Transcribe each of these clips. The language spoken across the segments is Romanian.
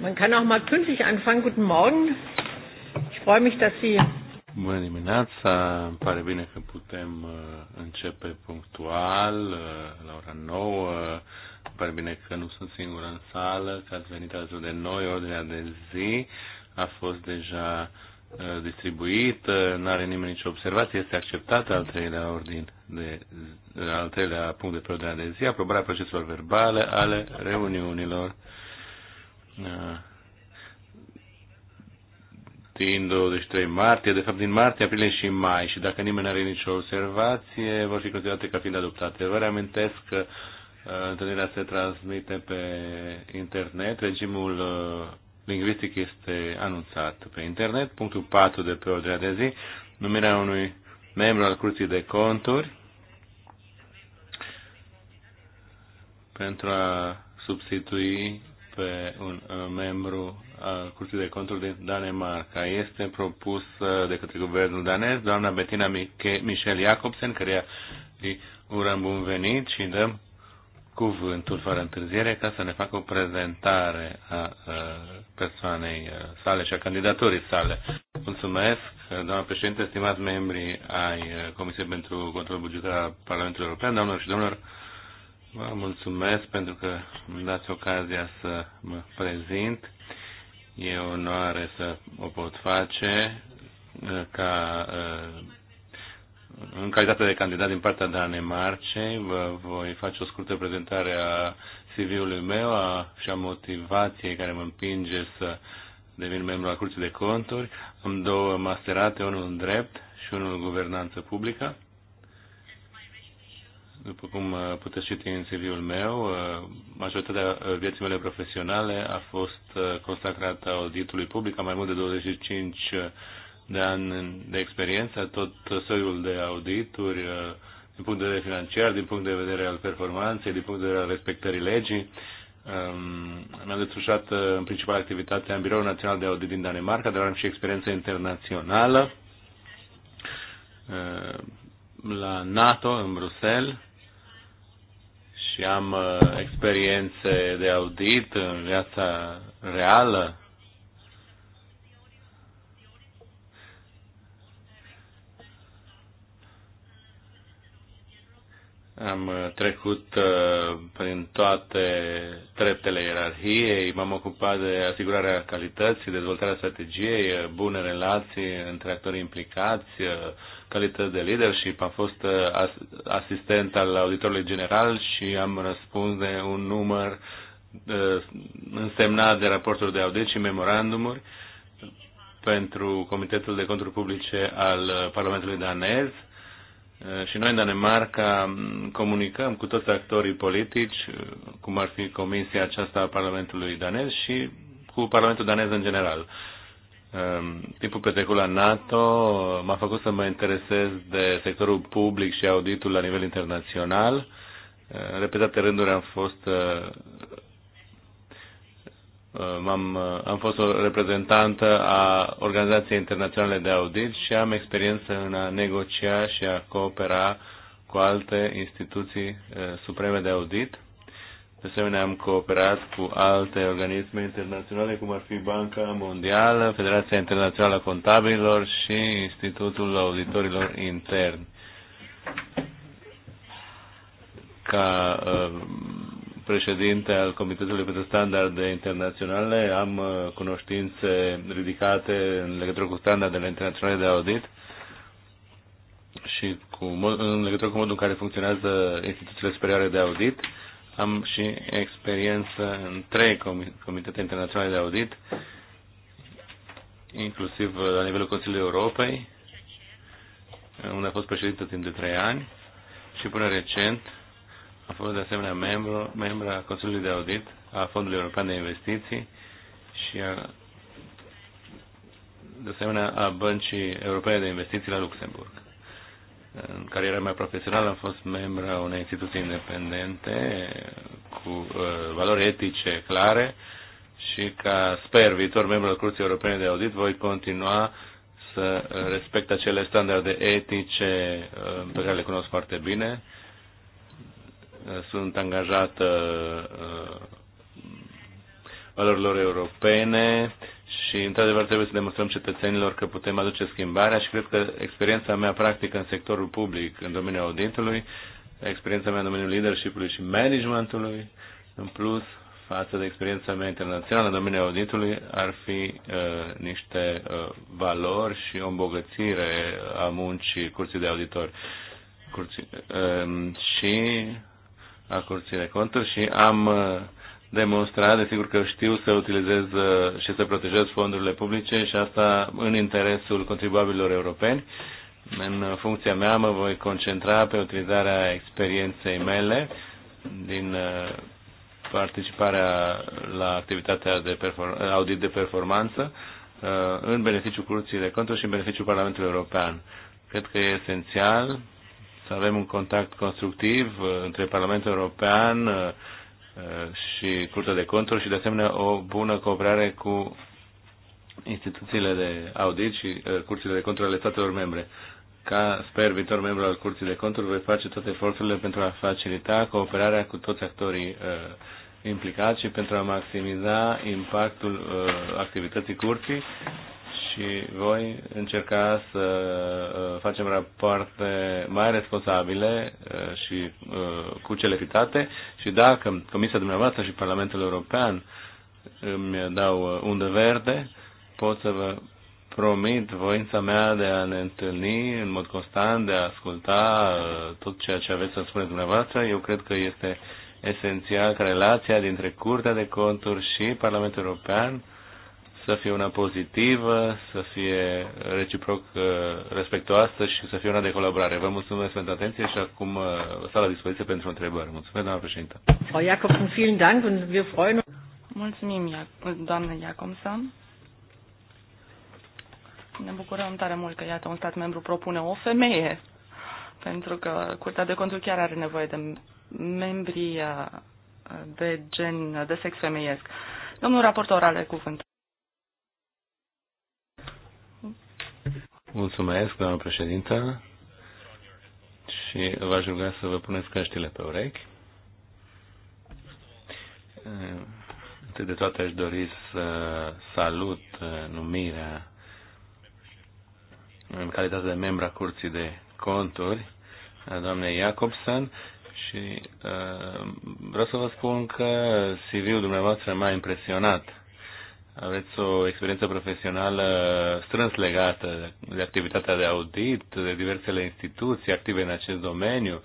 Man kann auch mal pünktlich anfangen. Guten Morgen. Ich freue mich, dass Sie. Bună dimineața, îmi pare bine că putem uh, începe punctual uh, la ora 9. Îmi pare bine că nu sunt singur în sală, că ați venit alături de noi. Ordinea de zi a fost deja Uh, distribuit, uh, nu are nimeni nicio observație, este acceptat al treilea ordin de, uh, al treilea punct de ordine de zi, aprobarea proceselor verbale ale reuniunilor din 23 martie, de fapt din martie, aprilie și mai și dacă nimeni nu are nicio observație, vor fi considerate ca fiind adoptate. Vă reamintesc că întâlnirea se transmite pe internet, regimul lingvistic este anunțat pe internet. Punctul 4 de pe ordinea de zi, numirea unui membru al Curții de Conturi pentru a substitui pe un uh, membru al Curții de Conturi din Danemarca. Este propus uh, de către guvernul danez, doamna Bettina Michel Jacobsen, care îi urăm bun venit și dăm cuvântul fără întârziere ca să ne facă o prezentare a persoanei sale și a candidaturii sale. Mulțumesc, doamna președinte, stimați membri ai Comisiei pentru Control Bugetar al Parlamentului European, doamnelor și domnilor, vă mulțumesc pentru că îmi dați ocazia să mă prezint. E onoare să o pot face ca în calitate de candidat din partea Danemarcei, vă voi face o scurtă prezentare a CV-ului meu a, și a motivației care mă împinge să devin membru al Curții de Conturi. Am două masterate, unul în drept și unul în guvernanță publică. După cum uh, puteți citi în CV-ul meu, uh, majoritatea uh, vieții mele profesionale a fost consacrată auditului public. Am mai mult de 25 de an, de experiență, tot soiul de audituri, uh, din punct de vedere financiar, din punct de vedere al performanței, din punct de vedere al respectării legii. Um, mi-am desfășurat uh, în principal activitatea în Biroul Național de Audit din Danemarca, dar am și experiență internațională uh, la NATO în Bruxelles și am experiențe de audit în viața reală Am uh, trecut uh, prin toate treptele ierarhiei, m-am ocupat de asigurarea calității, dezvoltarea strategiei, uh, bune relații între actorii implicați, calități de leadership, am fost asistent al auditorului general și am răspuns de un număr însemnat de raporturi de audit și memorandumuri pentru Comitetul de Conturi Publice al Parlamentului Danez Eh, și noi în Danemarca mm, comunicăm cu toți actorii politici, eh, cum ar fi Comisia aceasta a Parlamentului danez și cu Parlamentul danez în general. Ehm, timpul petrecut la NATO eh, m-a făcut să mă interesez de sectorul public și auditul la nivel internațional. În repetate rânduri am fost Uh, am uh, am fost o reprezentantă a Organizației Internaționale de Audit și am experiență în a negocia și a coopera cu alte instituții uh, supreme de audit. De asemenea, am cooperat cu alte organisme internaționale, cum ar fi Banca Mondială, Federația Internațională a Contabililor și Institutul Auditorilor Interni. Ca uh, președinte al Comitetului pentru Standarde Internaționale, am uh, cunoștințe ridicate în legătură cu standardele internaționale de audit și cu, în legătură cu modul în care funcționează instituțiile superioare de audit. Am și experiență în trei comitete internaționale de audit, inclusiv uh, la nivelul Consiliului Europei, unde a fost președinte timp de trei ani și până recent a fost de asemenea membru, membru a Consiliului de Audit a Fondului European de Investiții și a, de asemenea a Băncii Europene de Investiții la Luxemburg. În cariera mea profesională am fost membru a unei instituții independente cu uh, valori etice clare și ca sper viitor membru al Curții Europene de Audit voi continua să respect acele standarde etice uh, pe care le cunosc foarte bine sunt angajată uh, valorilor europene și, într-adevăr, trebuie să demonstrăm cetățenilor că putem aduce schimbarea și cred că experiența mea practică în sectorul public, în domeniul auditului, experiența mea în domeniul leadership-ului și managementului, în plus față de experiența mea internațională în domeniul auditului, ar fi uh, niște uh, valori și o îmbogățire a muncii curții de auditori. Curții, uh, și a Curții de Conturi și am uh, demonstrat, desigur că știu să utilizez uh, și să protejez fondurile publice și asta în interesul contribuabililor europeni. În funcția mea mă voi concentra pe utilizarea experienței mele din uh, participarea la activitatea de audit de performanță în beneficiul Curții de Conturi și în beneficiul Parlamentului European. Cred că e esențial să avem un contact constructiv uh, între Parlamentul European uh, uh, și Curtea de Conturi și, de asemenea, o bună cooperare cu instituțiile de audit și curțile de conturi ale statelor membre. Ca, sper, viitor membru al Curții de Conturi, voi face toate eforturile pentru a facilita cooperarea cu toți actorii uh, implicați și pentru a maximiza impactul uh, activității curții și voi încerca să uh, facem rapoarte mai responsabile uh, și uh, cu celeritate și dacă Comisia dumneavoastră și Parlamentul European îmi dau unde verde, pot să vă promit voința mea de a ne întâlni în mod constant, de a asculta tot ceea ce aveți să spuneți dumneavoastră. Eu cred că este esențial ca relația dintre Curtea de Conturi și Parlamentul European să fie una pozitivă, să fie reciproc uh, respectoasă și să fie una de colaborare. Vă mulțumesc pentru atenție și acum uh, stau la dispoziție pentru întrebări. Mulțumesc, doamna președintă. Frau Jacobsen, vielen Dank und wir freuen uns. Mulțumim, doamnă Jacobsen. Ne bucurăm tare mult că, iată, un stat membru propune o femeie, pentru că Curtea de Conturi chiar are nevoie de membrii uh, de gen, de sex femeiesc. Domnul raportor are cuvânt. Mulțumesc, doamnă președintă, și v-aș ruga să vă puneți căștile pe urechi. Întâi de toate aș dori să salut numirea în calitate de membra Curții de Conturi a doamnei Jacobson și uh, vreau să vă spun că CV-ul dumneavoastră m-a impresionat aveți o experiență profesională strâns legată de activitatea de audit, de diversele instituții active în acest domeniu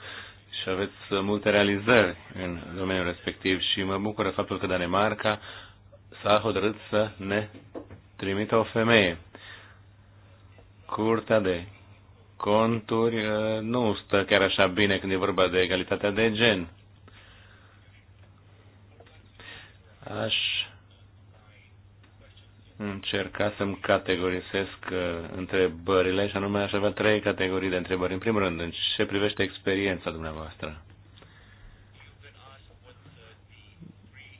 și aveți multe realizări în domeniul respectiv și mă bucură faptul că Danemarca s-a hotărât să ne trimită o femeie. Curtea de conturi uh, nu stă chiar așa bine când e vorba de egalitatea de gen. Aș încerca să-mi categorisesc uh, întrebările și anume aș avea trei categorii de întrebări. În primul rând, în ce privește experiența dumneavoastră?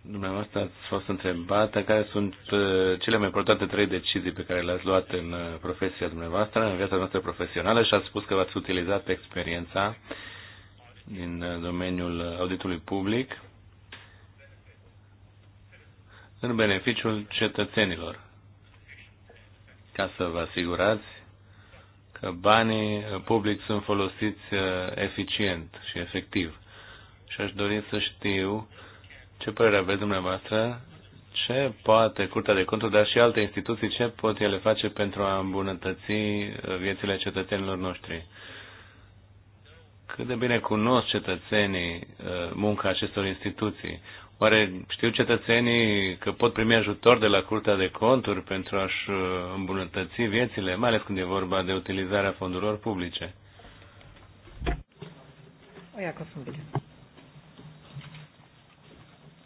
Dumneavoastră ați fost întrebată care sunt uh, cele mai importante trei decizii pe care le-ați luat în uh, profesia dumneavoastră, în viața noastră profesională și ați spus că v-ați utilizat experiența din domeniul auditului public în beneficiul cetățenilor ca să vă asigurați că banii uh, publici sunt folosiți uh, eficient și efectiv. Și aș dori să știu ce părere aveți dumneavoastră, ce poate Curtea de Conturi, dar și alte instituții, ce pot ele face pentru a îmbunătăți uh, viețile cetățenilor noștri. Cât de bine cunosc cetățenii munca acestor instituții. Oare știu cetățenii că pot primi ajutor de la Curtea de Conturi pentru a-și uh, îmbunătăți viețile, mai ales când e vorba de utilizarea fondurilor publice? O ia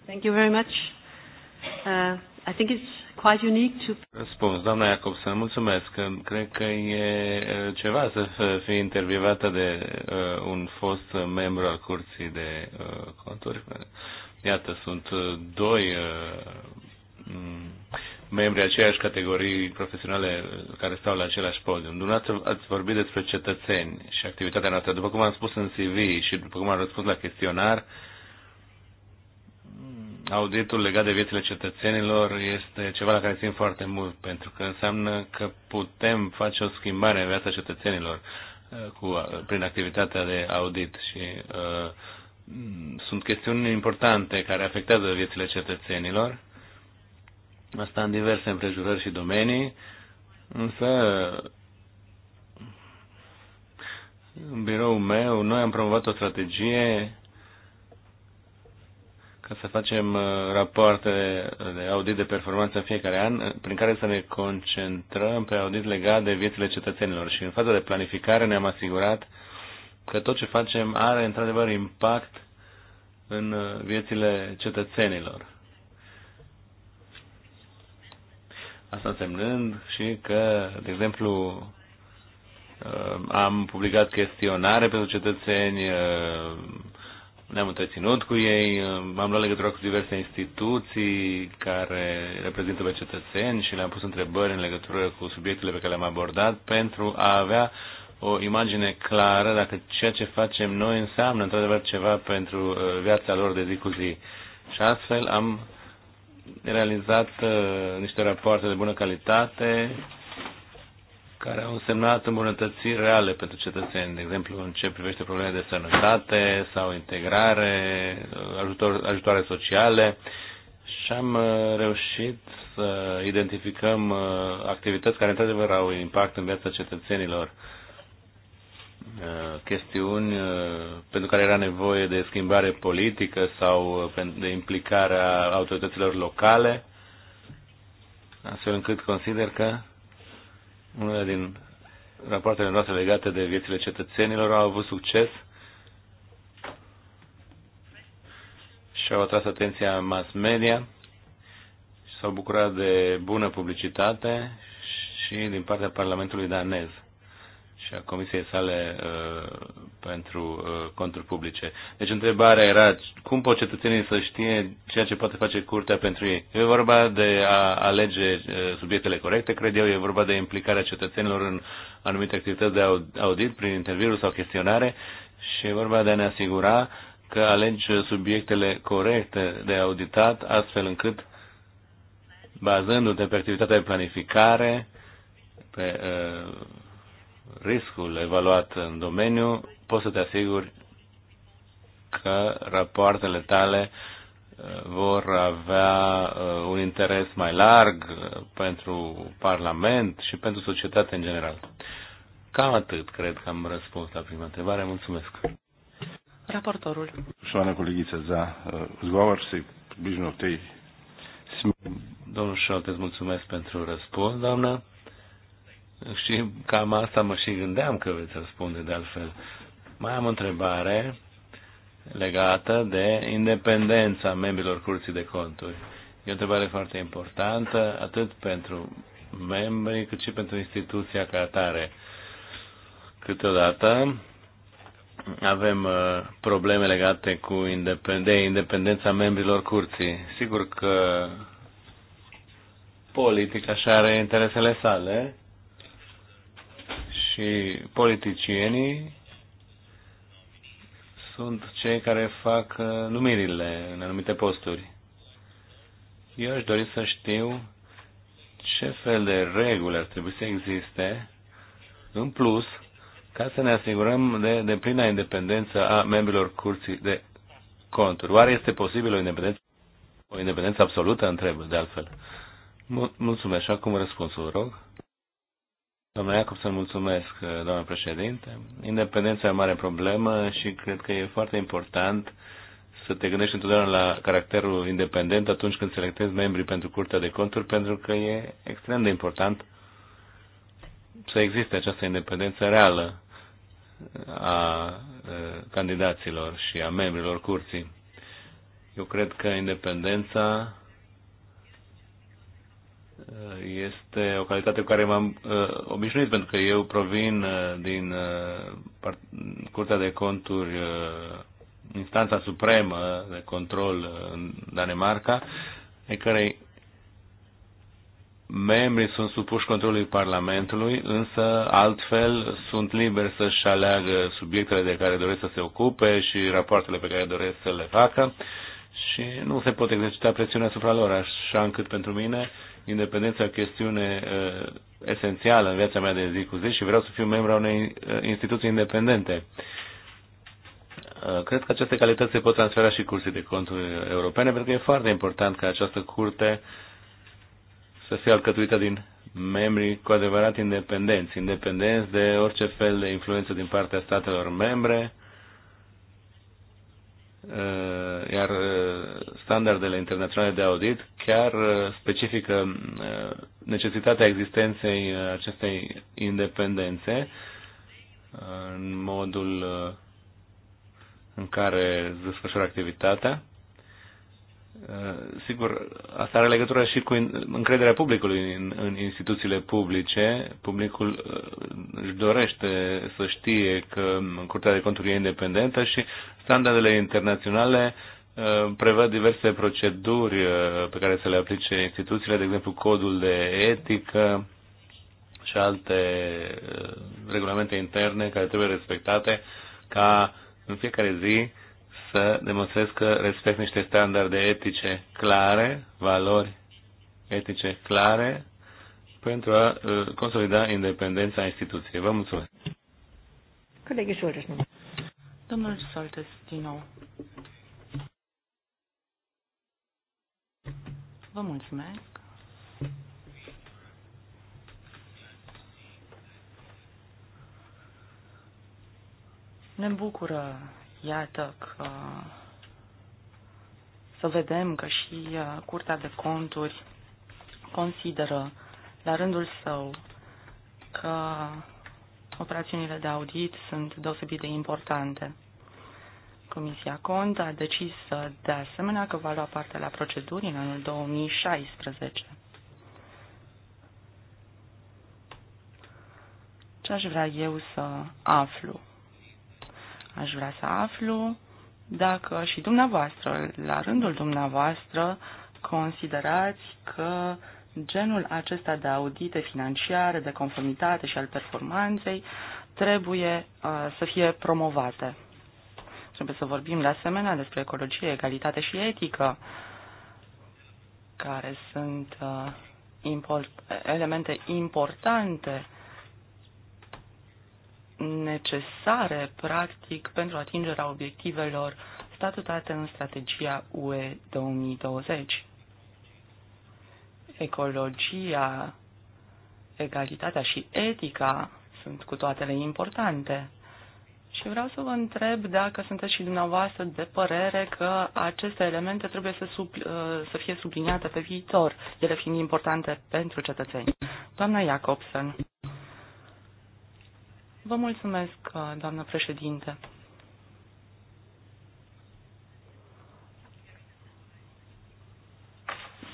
Thank you very much. Uh, I think it's quite unique to... Răspuns, doamna Jacobson, mulțumesc. Cred că e uh, ceva să fie intervievată de uh, un fost membru al Curții de uh, Conturi Iată, sunt uh, doi uh, membri aceeași categorii profesionale uh, care stau la același podium. Dumneavoastră ați vorbit despre cetățeni și activitatea noastră. După cum am spus în CV și după cum am răspuns la chestionar, auditul legat de viețile cetățenilor este ceva la care țin foarte mult, pentru că înseamnă că putem face o schimbare în viața cetățenilor cu, prin activitatea de audit și uh, Mm, sunt chestiuni importante care afectează viețile cetățenilor, asta în diverse împrejurări și domenii, însă în biroul meu noi am promovat o strategie ca să facem uh, rapoarte de audit de performanță în fiecare an, uh, prin care să ne concentrăm pe audit legat de viețile cetățenilor. Și în faza de planificare ne-am asigurat că tot ce facem are într-adevăr impact în uh, viețile cetățenilor. Asta însemnând și că, de exemplu, uh, am publicat chestionare pentru cetățeni, uh, ne-am întreținut cu ei, am luat legătura cu diverse instituții care reprezintă pe cetățeni și le-am pus întrebări în legătură cu subiectele pe care le-am abordat pentru a avea uh, o imagine clară dacă ceea ce facem noi înseamnă într-adevăr ceva pentru uh, viața lor de zi cu zi. Și astfel am realizat uh, niște rapoarte de bună calitate care au însemnat îmbunătățiri reale pentru cetățeni, de exemplu în ce privește probleme de sănătate sau integrare, uh, ajutor, ajutoare sociale și am reușit să identificăm activități care într-adevăr au impact în viața cetățenilor Uh, chestiuni uh, pentru care era nevoie de schimbare politică sau uh, de implicarea autorităților locale, astfel încât consider că unele din rapoartele noastre legate de viețile cetățenilor au avut succes și au atras atenția mass media și s-au bucurat de bună publicitate și din partea Parlamentului danez și a Comisiei sale uh, pentru uh, conturi publice. Deci întrebarea era cum pot cetățenii să știe ceea ce poate face curtea pentru ei. E vorba de a alege uh, subiectele corecte, cred eu, e vorba de implicarea cetățenilor în anumite activități de audit prin interviu sau chestionare și e vorba de a ne asigura că alegi subiectele corecte de auditat astfel încât bazându-te pe activitatea de planificare, pe uh, riscul evaluat în domeniu, poți să te asiguri că rapoartele tale uh, vor avea uh, un interes mai larg uh, pentru Parlament și pentru societate în general. Cam atât, cred că am răspuns la prima întrebare. Mulțumesc. Raportorul. Șoana colegiță, za zgovor se bližno tej Domnul Șoltes, mulțumesc pentru răspuns, doamnă. Și cam asta mă și gândeam că veți răspunde de altfel. Mai am o întrebare legată de independența membrilor Curții de Conturi. E o întrebare foarte importantă, atât pentru membrii, cât și pentru instituția ca atare. Câteodată avem uh, probleme legate cu independen- de independența membrilor curții. Sigur că politica și are interesele sale, și politicienii sunt cei care fac uh, numirile în anumite posturi. Eu aș dori să știu ce fel de reguli ar trebui să existe în plus ca să ne asigurăm de, de plina independență a membrilor curții de conturi. Oare este posibil o independență, o independență absolută, întreb de altfel. Mulțumesc. acum răspunsul, rog. Doamna Iacobson, mulțumesc, uh, doamna președinte. Independența e o mare problemă și cred că e foarte important să te gândești întotdeauna la caracterul independent atunci când selectezi membrii pentru Curtea de Conturi, pentru că e extrem de important să existe această independență reală uh, a uh, candidaților și a membrilor curții. Eu cred că independența este o calitate cu care m-am uh, obișnuit, pentru că eu provin uh, din uh, Curtea de Conturi, uh, instanța supremă de control uh, în Danemarca, în care membrii sunt supuși controlului Parlamentului, însă altfel sunt liberi să-și aleagă subiectele de care doresc să se ocupe și rapoartele pe care doresc să le facă și nu se pot exercita presiunea asupra lor, așa încât pentru mine uh, independența o chestiune uh, esențială în viața mea de zi cu zi și vreau să fiu membru a unei uh, instituții independente. Uh, cred că aceste calități se pot transfera și cursii de conturi europene, pentru că e foarte important ca această curte să fie alcătuită din membri cu adevărat independenți, independenți de orice fel de influență din partea statelor membre, Eh, iar eh, standardele internaționale de audit chiar eh, specifică necesitatea existenței acestei independențe în modul în care se desfășoară activitatea Uh, sigur, asta are legătură și cu încrederea publicului în, în instituțiile publice. Publicul uh, își dorește să știe că Curtea de Conturi e independentă și standardele internaționale uh, prevăd diverse proceduri pe care să le aplice instituțiile, de exemplu codul de etică și alte regulamente interne care trebuie respectate ca în fiecare zi uh, să demonstrez că respect niște standarde etice clare, valori etice clare, pentru a uh, consolida independența instituției. Vă mulțumesc. Colegii Soltes, nu. Domnul Soltes, din nou. Vă mulțumesc. Ne bucură Iată că să vedem că și uh, Curtea de Conturi consideră la rândul său că operațiunile de audit sunt deosebit de importante. Comisia Cont a decis de asemenea că va lua parte la proceduri în anul 2016. Ce aș vrea eu să aflu? Aș vrea să aflu dacă și dumneavoastră, la rândul dumneavoastră, considerați că genul acesta de audite financiare, de conformitate și al performanței trebuie uh, să fie promovate. Trebuie să vorbim de asemenea despre ecologie, egalitate și etică, care sunt uh, import, elemente importante necesare, practic, pentru atingerea obiectivelor statutate în strategia UE 2020. Ecologia, egalitatea și etica sunt cu toatele importante. Și vreau să vă întreb dacă sunteți și dumneavoastră de părere că aceste elemente trebuie să, sub, uh, să fie subliniate pe viitor, ele fiind importante pentru cetățeni. Doamna Jacobsen. Vă mulțumesc, uh, doamnă președinte.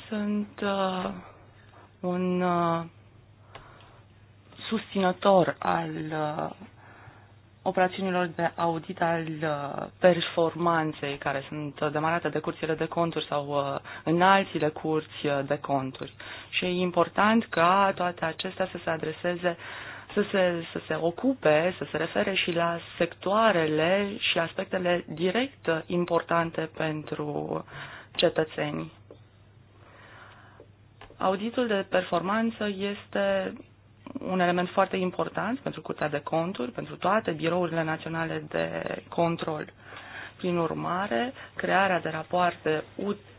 Sunt uh, un uh, susținător al uh, operațiunilor de audit al uh, performanței care sunt demarate de curțile de conturi sau uh, în alțile curți de conturi. Și e important ca toate acestea să se adreseze uh, să se, să se ocupe, să se refere și la sectoarele și aspectele direct importante pentru cetățenii. Auditul de performanță este un element foarte important pentru Curtea de Conturi, pentru toate birourile naționale de control. Prin urmare, crearea de rapoarte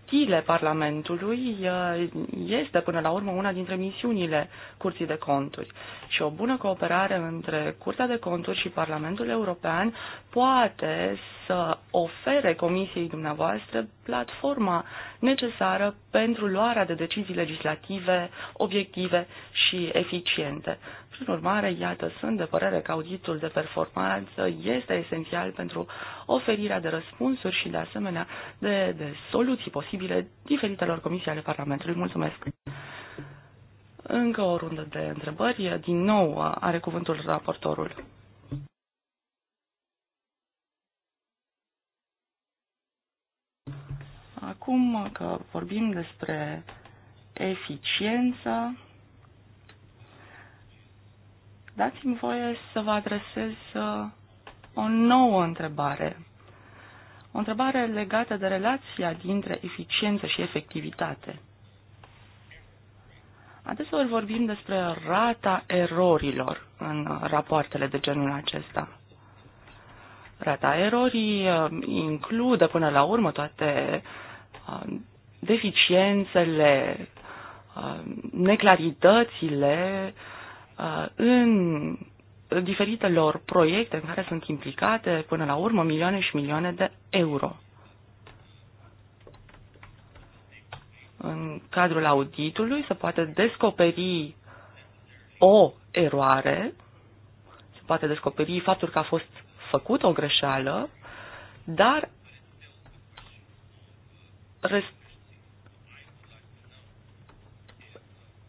utile Parlamentului uh, este până la urmă una dintre misiunile Curții de Conturi. Și o bună cooperare între Curtea de Conturi și Parlamentul European poate să ofere Comisiei dumneavoastră platforma necesară pentru luarea de decizii legislative obiective și eficiente. Prin urmare, iată, sunt de părere că auditul de performanță este esențial pentru oferirea de răspunsuri și, de asemenea, de, de soluții posibile diferitelor comisii ale Parlamentului. Mulțumesc! Încă o rundă de întrebări. Din nou are cuvântul raportorul. acum că vorbim despre eficiență, dați-mi voie să vă adresez uh, o nouă întrebare. O întrebare legată de relația dintre eficiență și efectivitate. Adeseori vorbim despre rata erorilor în uh, rapoartele de genul acesta. Rata erorii uh, include până la urmă toate uh, Uh, deficiențele, uh, neclaritățile uh, în diferitelor proiecte în care sunt implicate până la urmă milioane și milioane de euro. În cadrul auditului se poate descoperi o eroare, se poate descoperi faptul că a fost făcută o greșeală, dar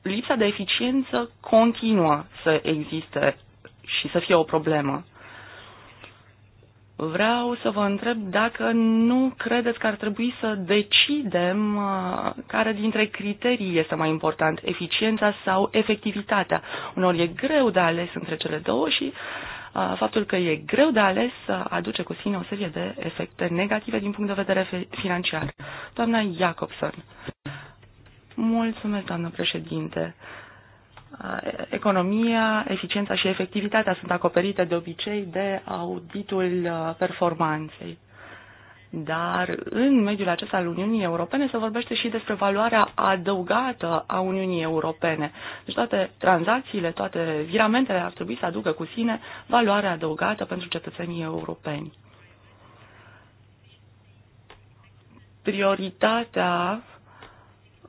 lipsa de eficiență continuă să existe și să fie o problemă. Vreau să vă întreb dacă nu credeți că ar trebui să decidem uh, care dintre criterii este mai important, eficiența sau efectivitatea. Unor e greu de ales între cele două și uh, faptul că e greu de ales aduce cu sine o serie de efecte negative din punct de vedere financiar. Doamna Jacobson. Mulțumesc, doamnă președinte. Economia, eficiența și efectivitatea sunt acoperite de obicei de auditul performanței. Dar în mediul acesta al Uniunii Europene se vorbește și despre valoarea adăugată a Uniunii Europene. Deci toate tranzacțiile, toate viramentele ar trebui să aducă cu sine valoarea adăugată pentru cetățenii europeni. Prioritatea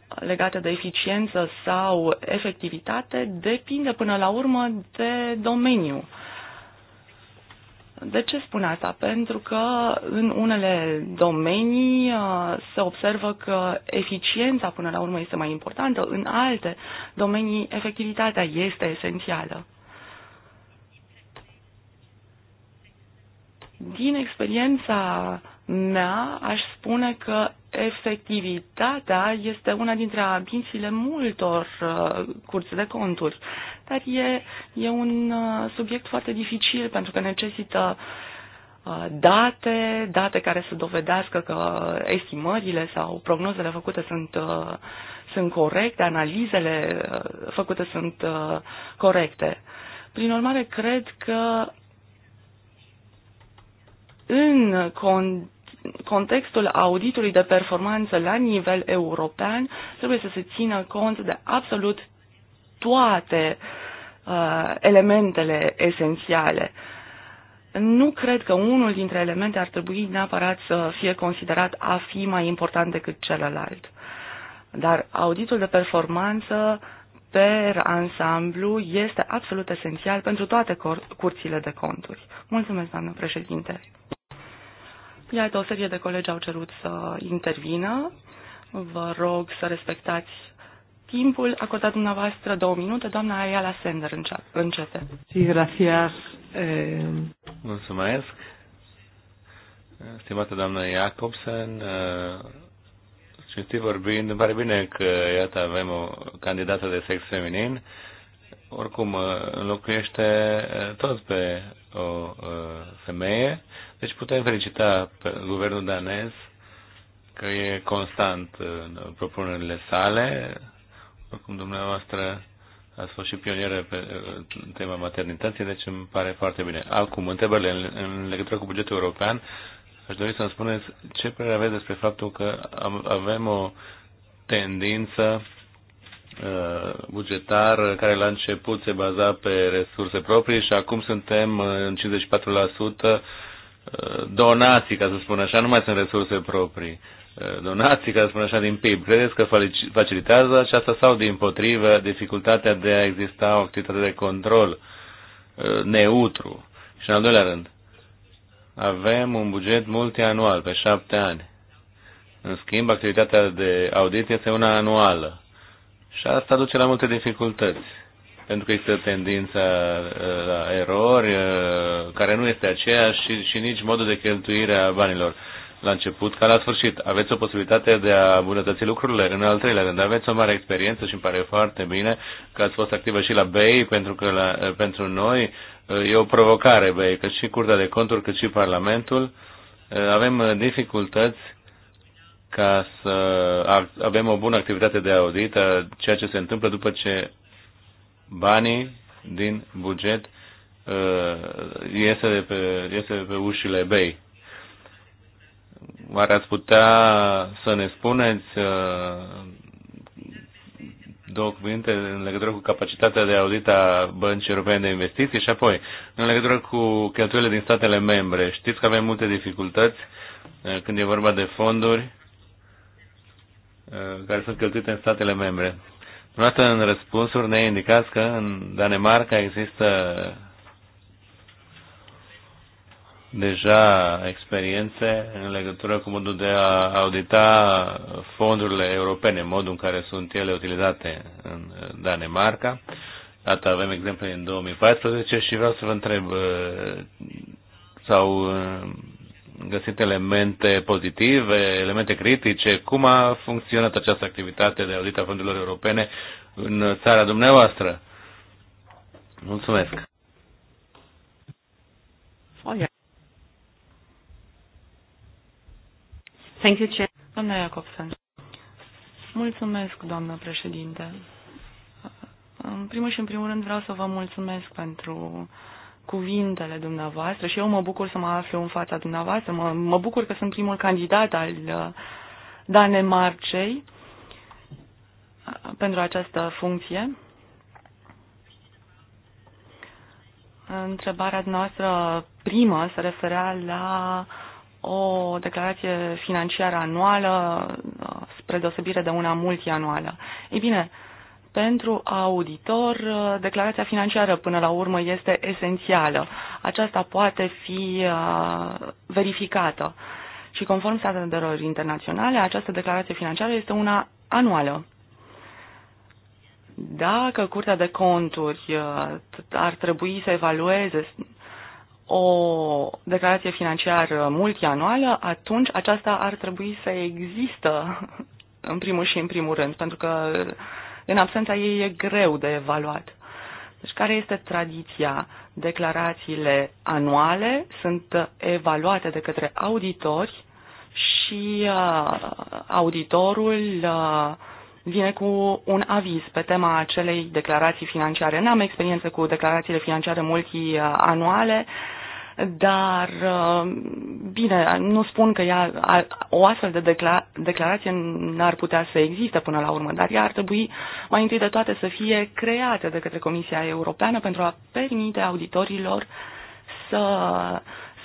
legată de eficiență sau efectivitate depinde până la urmă de domeniu. De ce spun asta? Pentru că în unele domenii uh, se observă că eficiența până la urmă este mai importantă, în alte domenii efectivitatea este esențială. Din experiența mea, aș spune că efectivitatea este una dintre ambițiile multor uh, curți de conturi. Dar e, e un uh, subiect foarte dificil pentru că necesită uh, date, date care să dovedească că estimările sau prognozele făcute sunt, uh, sunt corecte, analizele uh, făcute sunt uh, corecte. Prin urmare, cred că în con- contextul auditului de performanță la nivel european trebuie să se țină cont de absolut toate uh, elementele esențiale. Nu cred că unul dintre elemente ar trebui neapărat să fie considerat a fi mai important decât celălalt. Dar auditul de performanță per ansamblu este absolut esențial pentru toate cur curțile de conturi. Mulțumesc, doamnă președinte. Iată, o serie de colegi au cerut să intervină. Vă rog să respectați timpul acordat dumneavoastră, două minute. Doamna Ayala Sender începe. Sí, gracias. Eh. Mulțumesc. Stimată doamnă Jacobsen, eh, cinstit vorbind, îmi pare bine că, iată, avem o candidată de sex feminin oricum uh, înlocuiește uh, tot pe o uh, femeie, deci putem felicita pe guvernul danez că e constant în propunerile sale. Oricum, dumneavoastră a fost și pionieră pe tema maternității, deci îmi pare foarte bine. Acum, întrebările în, legătură cu bugetul european, aș dori să-mi spuneți ce părere aveți despre faptul că avem o tendință Uh, bugetar care la început se baza pe resurse proprii și acum suntem în 54% uh, donații, ca să spun așa, nu mai sunt resurse proprii. Uh, donații, ca să spun așa, din PIB. Credeți că facilitează aceasta sau, din potrivă, dificultatea de a exista o activitate de control neutru? Și, în al doilea rând, avem un buget multianual pe șapte ani. În schimb, activitatea de audit este una anuală. Și asta duce la multe dificultăți pentru că există tendința uh, la erori, uh, care nu este aceeași și, și nici modul de cheltuire a banilor la început ca la sfârșit. Aveți o posibilitate de a îmbunătăți lucrurile. În al treilea rând, aveți o mare experiență și îmi pare foarte bine că ați fost activă și la BEI, pentru că la, uh, pentru noi e o provocare BEI, că și Curtea de Conturi, cât și Parlamentul avem dificultăți ca să avem o bună activitate de audit a ceea ce se întâmplă după ce banii din buget uh, iese, de pe, iese pe ușile bei. Oare ați putea să ne spuneți uh, două cuvinte în legătură cu capacitatea de audit a băncii europene de investiții și apoi în legătură cu cheltuielile din statele membre. Știți că avem multe dificultăți uh, când e vorba de fonduri Uh, care sunt cheltuite în statele membre. Dumneavoastră, în răspunsuri ne indicați că în Danemarca există deja experiențe în legătură cu modul de a audita fondurile europene, modul în care sunt ele utilizate în Danemarca. Data avem exemple în 2014 și vreau să vă întreb uh, sau uh, găsit elemente pozitive, elemente critice? Cum a funcționat această activitate de audit a fondurilor europene în țara dumneavoastră? Mulțumesc! Oh, Thank you, Chair. Doamna Jacobsen. Mulțumesc, doamnă președinte. În primul și în primul rând vreau să vă mulțumesc pentru uh, cuvintele dumneavoastră și eu mă bucur să mă aflu în fața dumneavoastră. Mă, mă bucur că sunt primul candidat al uh, Danemarcei uh, pentru această funcție. Întrebarea noastră primă se referea la o declarație financiară anuală uh, spre deosebire de una multianuală. Ei bine, pentru auditor, uh, declarația financiară până la urmă este esențială. Aceasta poate fi uh, verificată. Și conform standardelor internaționale, această declarație financiară este una anuală. Dacă Curtea de Conturi uh, ar trebui să evalueze o declarație financiară multianuală, atunci aceasta ar trebui să există în primul și în primul rând, pentru că în absența ei e greu de evaluat. Deci care este tradiția? Declarațiile anuale sunt evaluate de către auditori și uh, auditorul uh, vine cu un aviz pe tema acelei declarații financiare. N-am experiență cu declarațiile financiare multianuale, dar uh, bine, nu spun că ea, o astfel de decla, declarație n-ar putea să existe până la urmă, dar ea ar trebui mai întâi de toate să fie creată de către Comisia Europeană pentru a permite auditorilor să,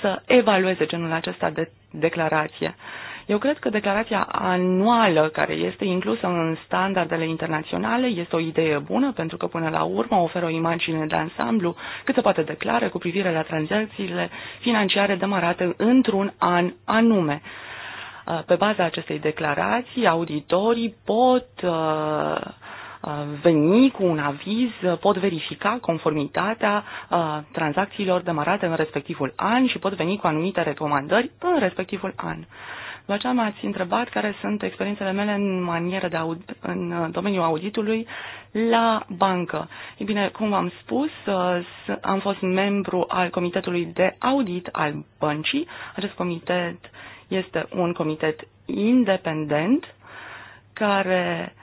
să evalueze genul acesta de declarație. Uh, eu cred că declarația anuală care este inclusă în standardele internaționale este o idee bună pentru că până la urmă oferă o imagine de ansamblu cât se poate declară cu privire la tranzacțiile financiare demarate într-un an anume. Uh, pe baza acestei declarații, auditorii pot uh, uh, veni cu un aviz, pot verifica conformitatea tranzacțiilor demarate în respectivul an și pot veni cu anumite recomandări în respectivul an. După aceea m-ați întrebat care sunt experiențele mele în manieră de aud, în uh, domeniul auditului la bancă. Ei bine, cum v-am spus, uh, am fost membru al Comitetului de Audit al Băncii. Acest comitet este un comitet independent care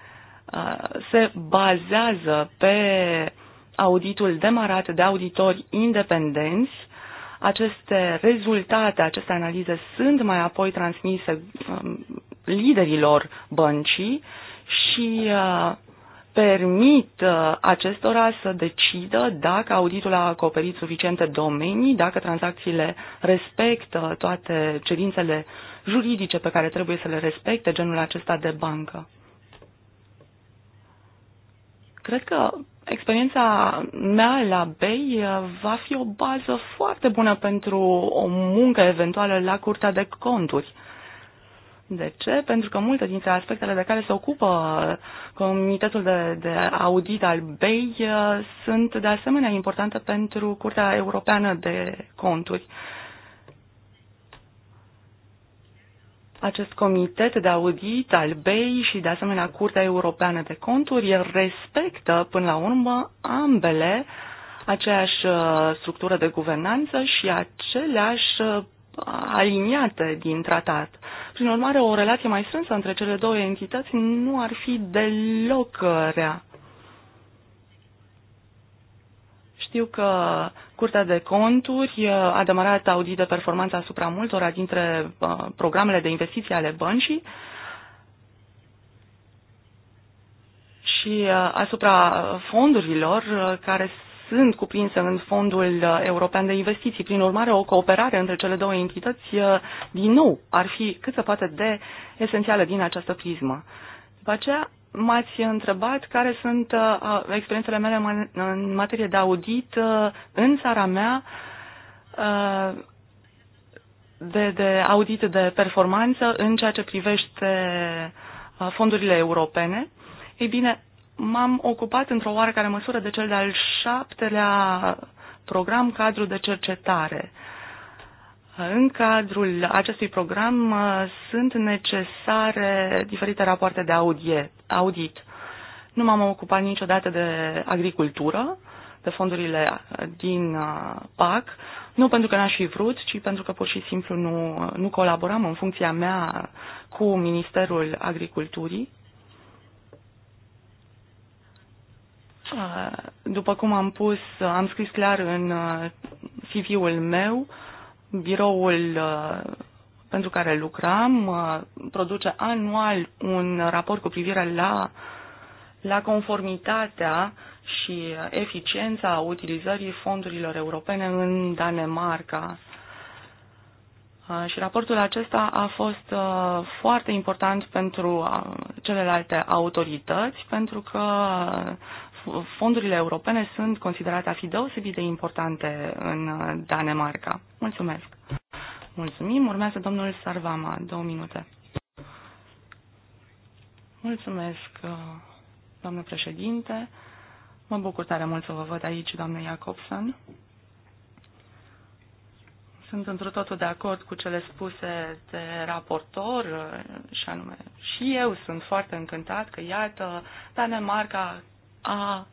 uh, se bazează pe auditul demarat de auditori independenți aceste rezultate, aceste analize sunt mai apoi transmise um, liderilor băncii și uh, permit uh, acestora să decidă dacă auditul a acoperit suficiente domenii, dacă tranzacțiile respectă toate cerințele juridice pe care trebuie să le respecte genul acesta de bancă. Cred că experiența mea la Bay uh, va fi o bază foarte bună pentru o muncă eventuală la Curtea de Conturi. De ce? Pentru că multe dintre aspectele de care se ocupă Comitetul de, de Audit al BEI uh, sunt de asemenea importante pentru Curtea Europeană de Conturi. Uh, acest comitet de audit al BEI și de asemenea Curtea Europeană de Conturi respectă până la urmă ambele aceeași uh, structură de guvernanță și aceleași uh, aliniate din tratat. Prin urmare, o relație mai strânsă între cele două entități nu ar fi deloc uh, rea. Știu că Curtea de Conturi uh, a demarat audit de performanță asupra multora dintre uh, programele de investiții ale băncii și uh, asupra fondurilor care sunt cuprinse în Fondul European de Investiții. Prin urmare, o cooperare între cele două entități, din nou, ar fi cât se poate de esențială din această prismă. După aceea, m-ați întrebat care sunt uh, uh experiențele mele în materie de audit uh, în țara mea uh, de, de audit de performanță în ceea ce privește uh, fondurile europene. Ei bine, m-am ocupat într-o oarecare măsură de cel de-al șaptelea program cadru de cercetare. Uh, în cadrul acestui program uh, sunt necesare diferite rapoarte de audiet audit. Nu m-am ocupat niciodată de agricultură, de fondurile uh, din uh, PAC, nu pentru că n-aș fi vrut, ci pentru că pur și simplu nu, uh, nu colaboram în funcția mea cu Ministerul Agriculturii. După cum am pus, am scris clar în CV-ul meu, biroul pentru care lucrăm produce anual un raport cu privire la, la conformitatea și eficiența utilizării fondurilor europene în Danemarca. Și raportul acesta a fost uh, foarte important pentru uh, celelalte autorități, pentru că fondurile europene sunt considerate a fi deosebit de importante în uh, Danemarca. Mulțumesc! Mulțumim. Urmează domnul Sarvama. Două minute. Mulțumesc, uh, doamnă președinte. Mă bucur tare mult să vă văd aici, doamnă Jacobson. Sunt într totul de acord cu cele spuse de raportor uh, și anume și eu sunt foarte încântat că, iată, Danemarca a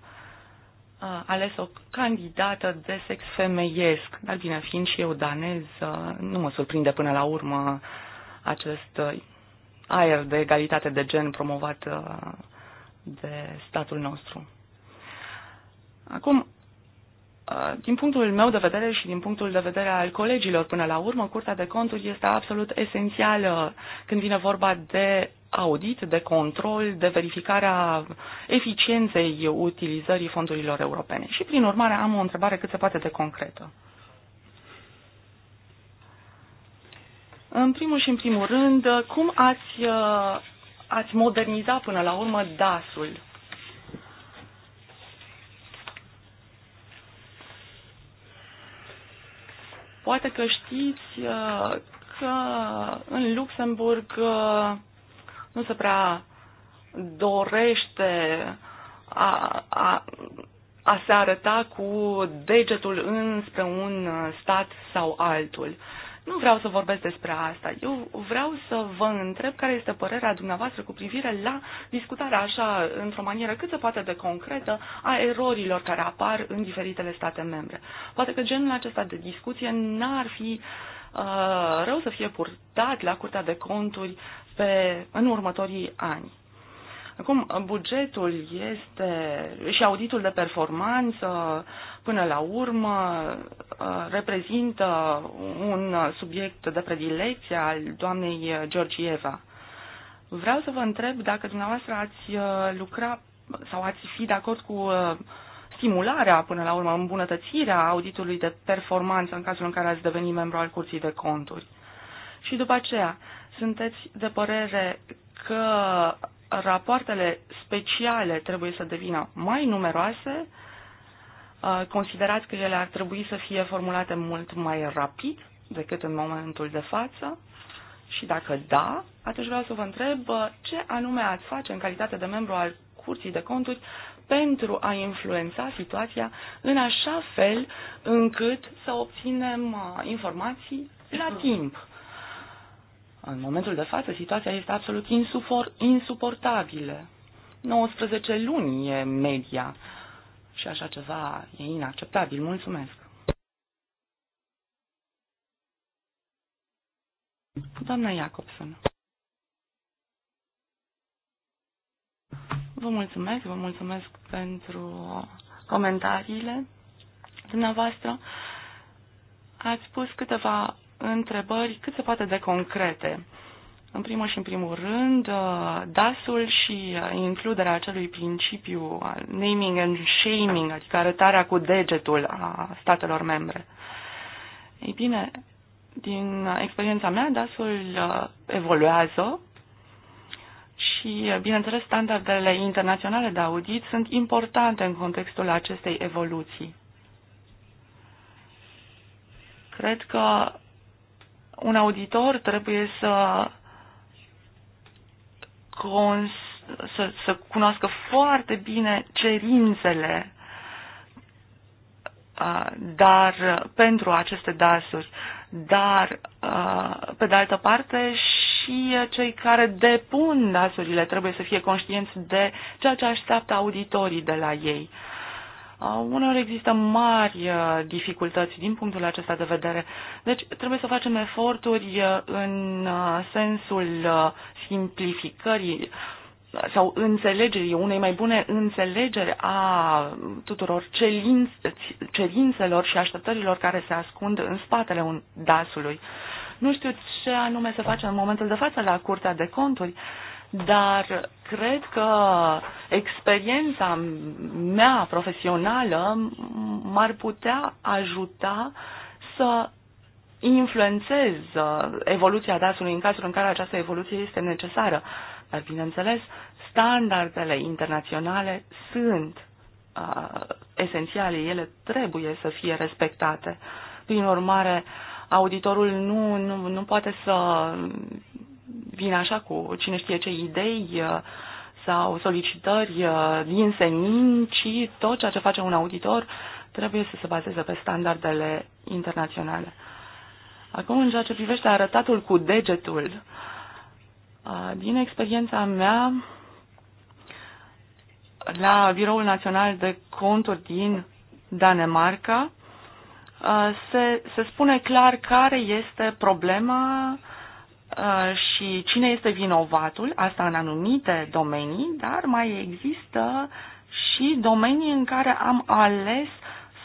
ales o candidată de sex femeiesc. Dar bine, fiind și eu danez, uh, nu mă surprinde până la urmă acest uh, aer de egalitate de gen promovat uh, de statul nostru. Acum, din punctul meu de vedere și din punctul de vedere al colegilor până la urmă, Curtea de Conturi este absolut esențială când vine vorba de audit, de control, de verificarea eficienței utilizării fondurilor europene. Și, prin urmare, am o întrebare cât se poate de concretă. În primul și în primul rând, cum ați, uh, ați moderniza până la urmă DAS-ul? Poate că știți uh, că în Luxemburg uh, nu se prea dorește a, a, a se arăta cu degetul înspre un stat sau altul. Nu vreau să vorbesc despre asta. Eu vreau să vă întreb care este părerea dumneavoastră cu privire la discutarea așa, într-o manieră cât se poate de concretă, a erorilor care apar în diferitele state membre. Poate că genul acesta de discuție n-ar fi uh, rău să fie purtat la Curtea de Conturi pe, în următorii ani. Acum, bugetul este și auditul de performanță, până la urmă, uh, reprezintă un subiect de predilecție al doamnei Georgieva. Vreau să vă întreb dacă dumneavoastră ați uh, lucra sau ați fi de acord cu uh, stimularea, până la urmă, îmbunătățirea auditului de performanță în cazul în care ați deveni membru al Curții de Conturi. Și după aceea, sunteți de părere că rapoartele speciale trebuie să devină mai numeroase? Considerați că ele ar trebui să fie formulate mult mai rapid decât în momentul de față? Și dacă da, atunci vreau să vă întreb ce anume ați face în calitate de membru al Curții de Conturi pentru a influența situația în așa fel încât să obținem informații la timp în momentul de față, situația este absolut insuportabilă. 19 luni e media și așa ceva e inacceptabil. Mulțumesc! Doamna Jacobson. Vă mulțumesc, vă mulțumesc pentru comentariile dumneavoastră. Ați spus câteva întrebări cât se poate de concrete. În primul și în primul rând, uh, DAS-ul și uh, includerea acelui principiu al uh, naming and shaming, adică arătarea cu degetul a statelor membre. Ei bine, din experiența mea, DAS-ul evoluează și, bineînțeles, standardele internaționale de audit sunt importante în contextul acestei evoluții. Cred că un auditor trebuie să, cons- să, să cunoască foarte bine cerințele dar pentru aceste dasuri, dar pe de altă parte și cei care depun dasurile trebuie să fie conștienți de ceea ce așteaptă auditorii de la ei. Uh, Uh, uneori există mari uh, dificultăți din punctul acesta de vedere. Deci trebuie să facem eforturi uh, în sensul simplificării sau înțelegerii, unei mai bune înțelegeri a tuturor cerințelor și așteptărilor care se ascund în spatele un dasului. Nu știu ce anume se face în momentul de față la Curtea de Conturi, dar cred că experiența mea profesională m-ar putea ajuta să influențez evoluția DAS-ului în cazul în care această evoluție este necesară. Dar, bineînțeles, standardele internaționale sunt uh, esențiale, ele trebuie să fie respectate. Prin urmare, auditorul nu, nu, nu poate să vine așa cu cine știe ce idei uh, sau solicitări uh, din senin, ci tot ceea ce face un auditor trebuie să se bazeze pe standardele internaționale. Acum, în ceea ce privește arătatul cu degetul, uh, din experiența mea, la Biroul Național de Conturi din Danemarca, se, se spune clar care este problema Uh, și cine este vinovatul, asta în anumite domenii, dar mai există și domenii în care am ales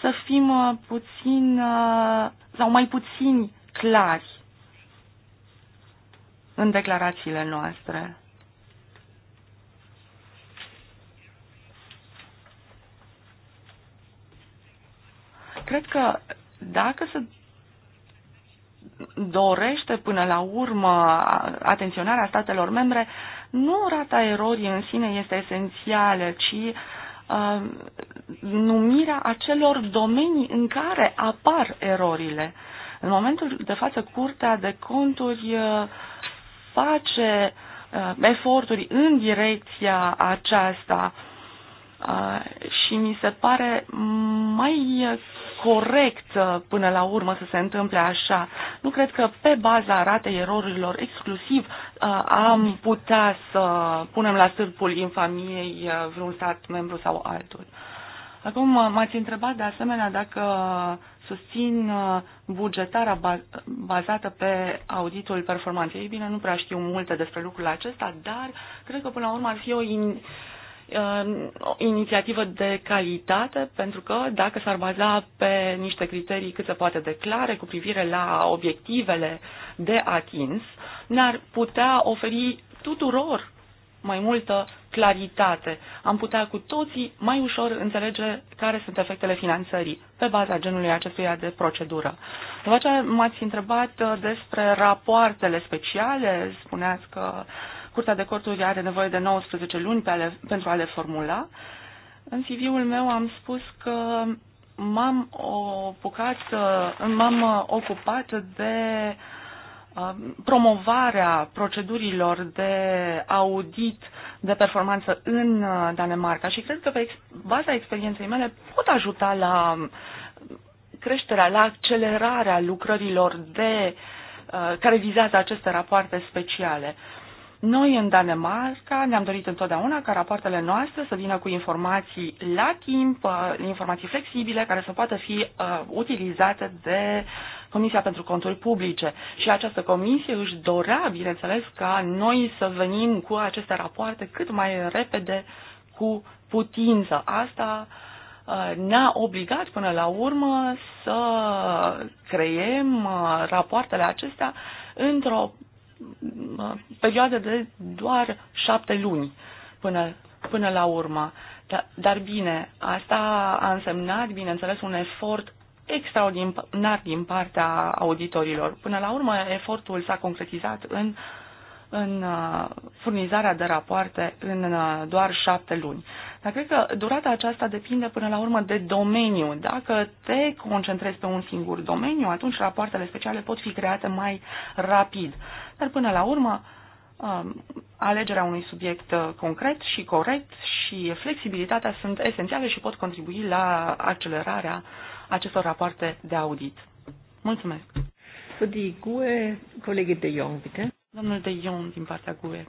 să fim uh, puțin uh, sau mai puțin clari în declarațiile noastre. Cred că dacă se dorește până la urmă atenționarea statelor membre, nu rata erorii în sine este esențială, ci uh, numirea acelor domenii în care apar erorile. În momentul de față, Curtea de Conturi uh, face uh, eforturi în direcția aceasta uh, și mi se pare mai corect uh, până la urmă să se întâmple așa. Nu cred că pe baza ratei erorilor exclusiv uh, am putea să punem la stârpul infamiei uh, vreun stat membru sau altul. Acum m-ați întrebat de asemenea dacă susțin bugetarea bazată pe auditul performanței. Ei bine, nu prea știu multe despre lucrul acesta, dar cred că până la urmă ar fi o in- o uh, inițiativă de calitate, pentru că dacă s-ar baza pe niște criterii cât se poate de clare cu privire la obiectivele de atins, ne-ar putea oferi tuturor mai multă claritate. Am putea cu toții mai ușor înțelege care sunt efectele finanțării pe baza genului acestuia de procedură. După aceea m-ați întrebat uh, despre rapoartele speciale, spuneați că uh, Curtea de Corturi are nevoie de 19 luni pe ale, pentru a le formula. În CV-ul meu am spus că m-am ocupat, m-am ocupat de uh, promovarea procedurilor de audit de performanță în uh, Danemarca și cred că pe baza experienței mele pot ajuta la creșterea, la accelerarea lucrărilor de uh, care vizează aceste rapoarte speciale. Noi în Danemarca ne-am dorit întotdeauna ca rapoartele noastre să vină cu informații la timp, uh, informații flexibile care să poată fi uh, utilizate de Comisia pentru Conturi Publice. Și această comisie își dorea, bineînțeles, ca noi să venim cu aceste rapoarte cât mai repede cu putință. Asta uh, ne-a obligat până la urmă să creiem uh, rapoartele acestea într-o perioadă de doar șapte luni până, până la urmă. Dar, dar bine, asta a însemnat, bineînțeles, un efort extraordinar din partea auditorilor. Până la urmă, efortul s-a concretizat în în uh, furnizarea de rapoarte în uh, doar șapte luni. Dar cred că durata aceasta depinde până la urmă de domeniu. Dacă te concentrezi pe un singur domeniu, atunci rapoartele speciale pot fi create mai rapid. Dar până la urmă, um, alegerea unui subiect uh, concret și corect și flexibilitatea sunt esențiale și pot contribui la accelerarea acestor rapoarte de audit. Mulțumesc! Für die GUE, de Jong, bitte. Domnul De Ion din partea GUE.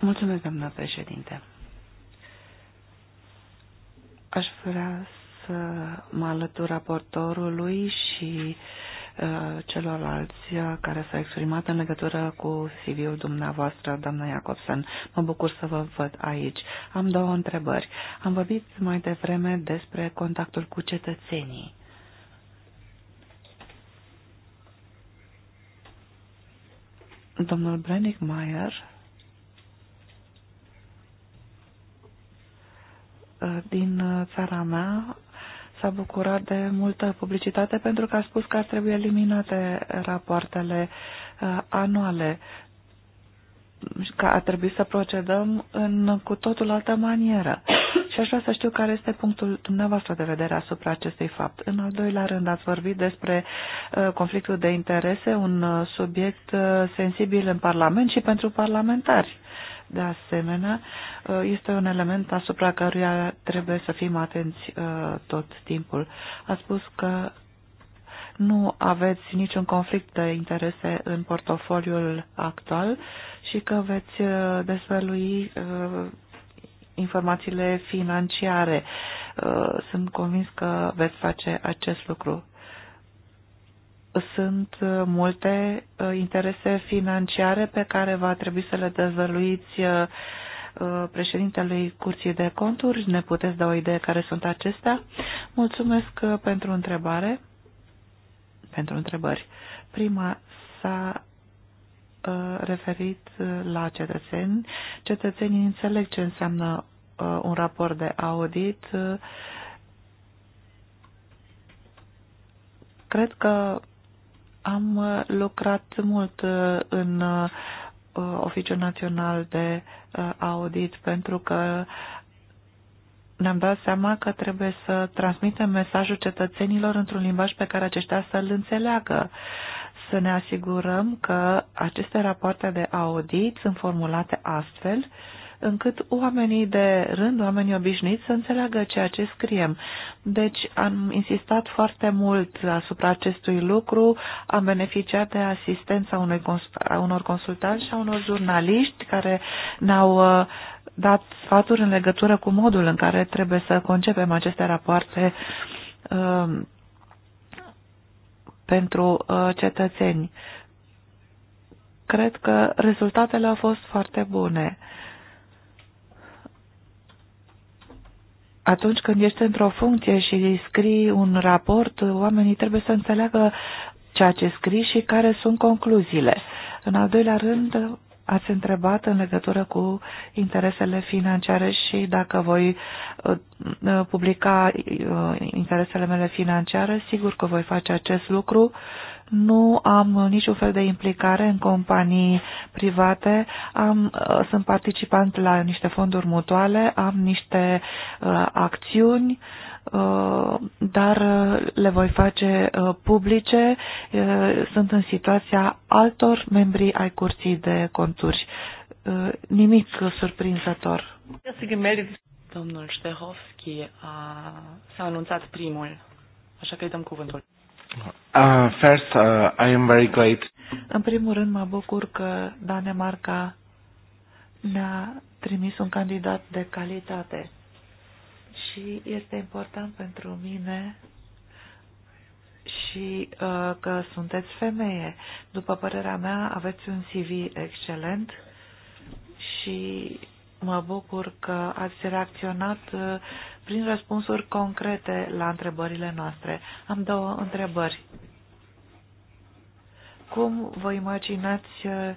Mulțumesc, doamna președinte. Aș vrea să mă alătur raportorului și uh, celorlalți care s-au exprimat în legătură cu CV-ul dumneavoastră, doamna Iacobsen. Mă bucur să vă văd aici. Am două întrebări. Am vorbit mai devreme despre contactul cu cetățenii Domnul Brennick Mayer din țara mea s-a bucurat de multă publicitate pentru că a spus că ar trebui eliminate rapoartele uh, anuale că ar trebui să procedăm în cu totul altă manieră. Și aș vrea să știu care este punctul dumneavoastră de vedere asupra acestui fapt. În al doilea rând, ați vorbit despre uh, conflictul de interese, un uh, subiect uh, sensibil în Parlament și pentru parlamentari. De asemenea, este un element asupra căruia trebuie să fim atenți tot timpul. A spus că nu aveți niciun conflict de interese în portofoliul actual și că veți dezvălui informațiile financiare. Uh, sunt convins că veți face acest lucru. Sunt uh, multe uh, interese financiare pe care va trebui să le dezvăluiți președintelui Curții de Conturi. Ne puteți da o idee care sunt acestea? Mulțumesc pentru întrebare, pentru întrebări. Prima s-a Uh, referit uh, la cetățeni. Cetățenii înțeleg ce înseamnă uh, un raport de audit. Cred că am lucrat mult în Oficiul Național de Audit pentru că ne-am dat seama că trebuie să transmitem mesajul cetățenilor într-un limbaj pe care aceștia să-l înțeleagă. Uh, să ne asigurăm că aceste rapoarte de audit sunt formulate astfel încât oamenii de rând, oamenii obișnuiți să înțeleagă ceea ce scriem. Deci am insistat foarte mult asupra acestui lucru, am beneficiat de asistența unui, a unor consultanți și a unor jurnaliști care ne-au uh, dat sfaturi în legătură cu modul în care trebuie să concepem aceste rapoarte uh, pentru uh, cetățeni. Cred că rezultatele au fost foarte bune. atunci când ești într-o funcție și îi scrii un raport, oamenii trebuie să înțeleagă ceea ce scrii și care sunt concluziile. În al doilea rând, Ați întrebat în legătură cu interesele financiare și dacă voi uh, uh, publica uh, interesele mele financiare, sigur că voi face acest lucru. Nu am niciun fel de implicare în companii private, am, sunt participant la niște fonduri mutuale, am niște acțiuni, Uh, dar uh, le voi face uh, publice. Sunt în situația altor membri ai curții de conturi. Nimic surprinzător. Domnul Ștehovski s-a anunțat primul, așa că îi dăm cuvântul. Uh, first, uh, I am very glad. În primul rând, mă bucur că Danemarca ne-a trimis un candidat de calitate și este important pentru mine și uh, că sunteți femeie. După părerea mea, aveți un CV excelent și mă bucur că ați reacționat uh, prin răspunsuri concrete la întrebările noastre. Am două întrebări. Cum vă imaginați uh,